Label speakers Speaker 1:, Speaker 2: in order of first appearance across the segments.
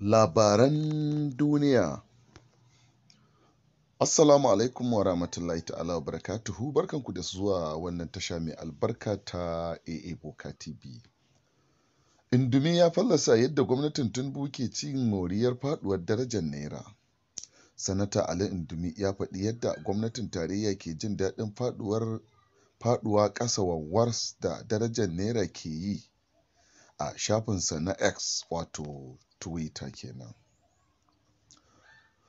Speaker 1: Labaran duniya Assalamu alaikum wa rahmatullahi ta'ala wa barakatuhu barkanku da zuwa wannan tasha mai albarka ta AA Boka TV. Indumi ya fallasa yadda gwamnatin Tinubu ke cin moriyar faduwar darajar Naira. Sanata Ali Indumi ya faɗi yadda gwamnatin tarayya ke jin daɗin faduwar faduwa ƙasa wars da darajar Naira ke yi a shafinsa na X wato Twitter kenan.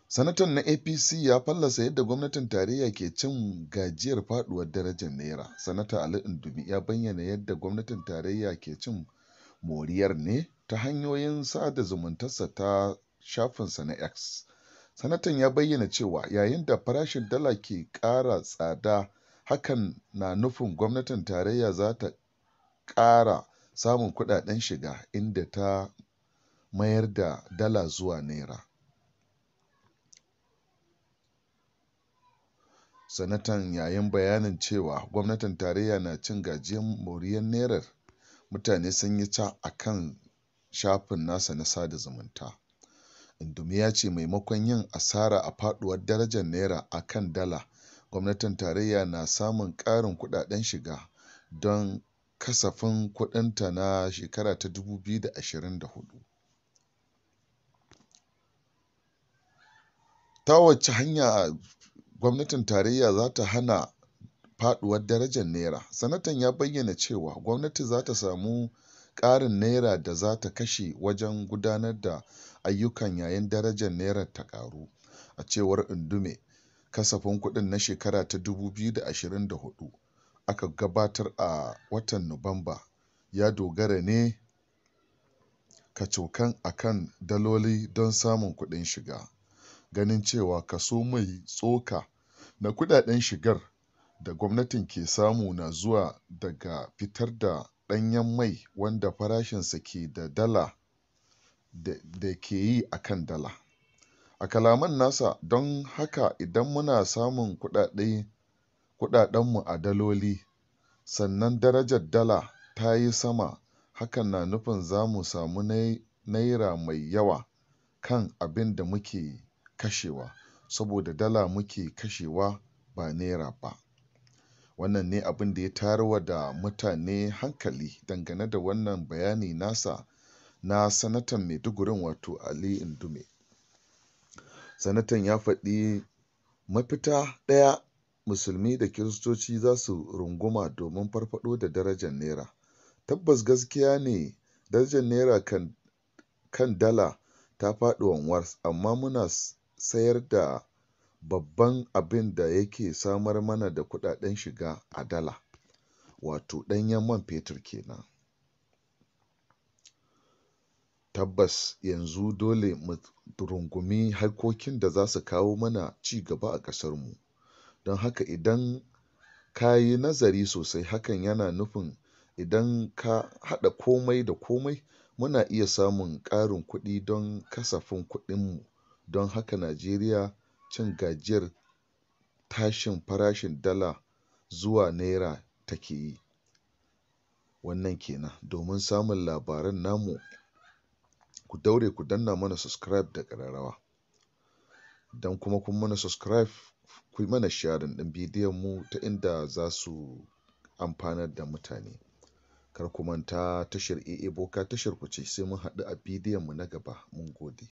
Speaker 1: Sanatan na APC ya fallasa yadda gwamnatin tarayya ke cin gajiyar faduwar darajar Naira. Sanata Ali Indumi ya bayyana yadda gwamnatin tarayya ke cin moriyar ne ta hanyoyin sada zumuntarsa ta shafinsa na X. Sanatan ya bayyana cewa yayin da farashin dala ke ƙara tsada hakan na nufin gwamnatin tarayya za ta ƙara samun kuɗaɗen shiga inda ta mayar da dala zuwa naira. Sanatan yayin bayanin cewa gwamnatin tarayya na cin gajiyar moriyar Naira, mutane sun yi ca a kan shafin nasa na sada zumunta. indomi ya ce maimakon yin asara a faɗuwar darajar Naira a kan dala, gwamnatin tarayya na samun ƙarin kuɗaɗen shiga don kasafin kuɗinta na shekara ta 2024. ta wace hanya gwamnatin tarayya za ta hana faduwar darajar Naira? Sanatan ya bayyana cewa gwamnati za ta samu ƙarin Naira da za ta kashe wajen gudanar da ayyukan yayin darajar naira ta ƙaru. A cewar Indume, kasafin kudin na shekara ta 2024 aka gabatar a watan Nuwamba ya dogara ne kacokan a kan daloli don samun kudin shiga. ganin cewa kaso mai tsoka na kudaden shigar da gwamnati ke samu na zuwa daga fitar da ɗanyen mai wanda farashinsa ke da dala da ke yi a kan dala. A kalaman nasa, don haka idan muna samun kudadenmu a daloli, sannan darajar dala ta yi sama hakan na nufin za mu samu naira mai yawa kan abin da muke yi. kashewa saboda dala muke kashewa ba naira ba wannan ne abin da ya tayarwa da mutane hankali dangane da wannan bayani nasa na sanatan Maidugurin wato Ali Indume sanatan ya faɗi mafita ɗaya musulmi da kiristoci za su runguma domin farfaɗo da darajar naira tabbas gaskiya ne darajar naira kan dala ta faɗi wanwas amma muna sayar da babban abin da yake samar mana da kuɗaɗen shiga a dala wato ɗanyen man fetur kenan tabbas yanzu dole mu rungumi harkokin da za su kawo mana ci gaba a ƙasarmu don haka idan ka yi nazari sosai hakan yana nufin idan ka haɗa komai da komai muna iya samun ƙarin kuɗi don kasafin kuɗinmu Don haka Najeriya cin gajiyar tashin farashin dala zuwa naira take yi. Wannan kenan. Domin samun labaran namu ku daure ku danna mana subscribe da ƙararrawa. Don kuma kun mana subscribe ku yi mana sharing ɗin bidiyon mu ta inda za su amfanar da mutane. Kar ku manta tashar EA Boka tashar ku ce sai mun haɗu a bidiyon mu na gaba. Mun gode.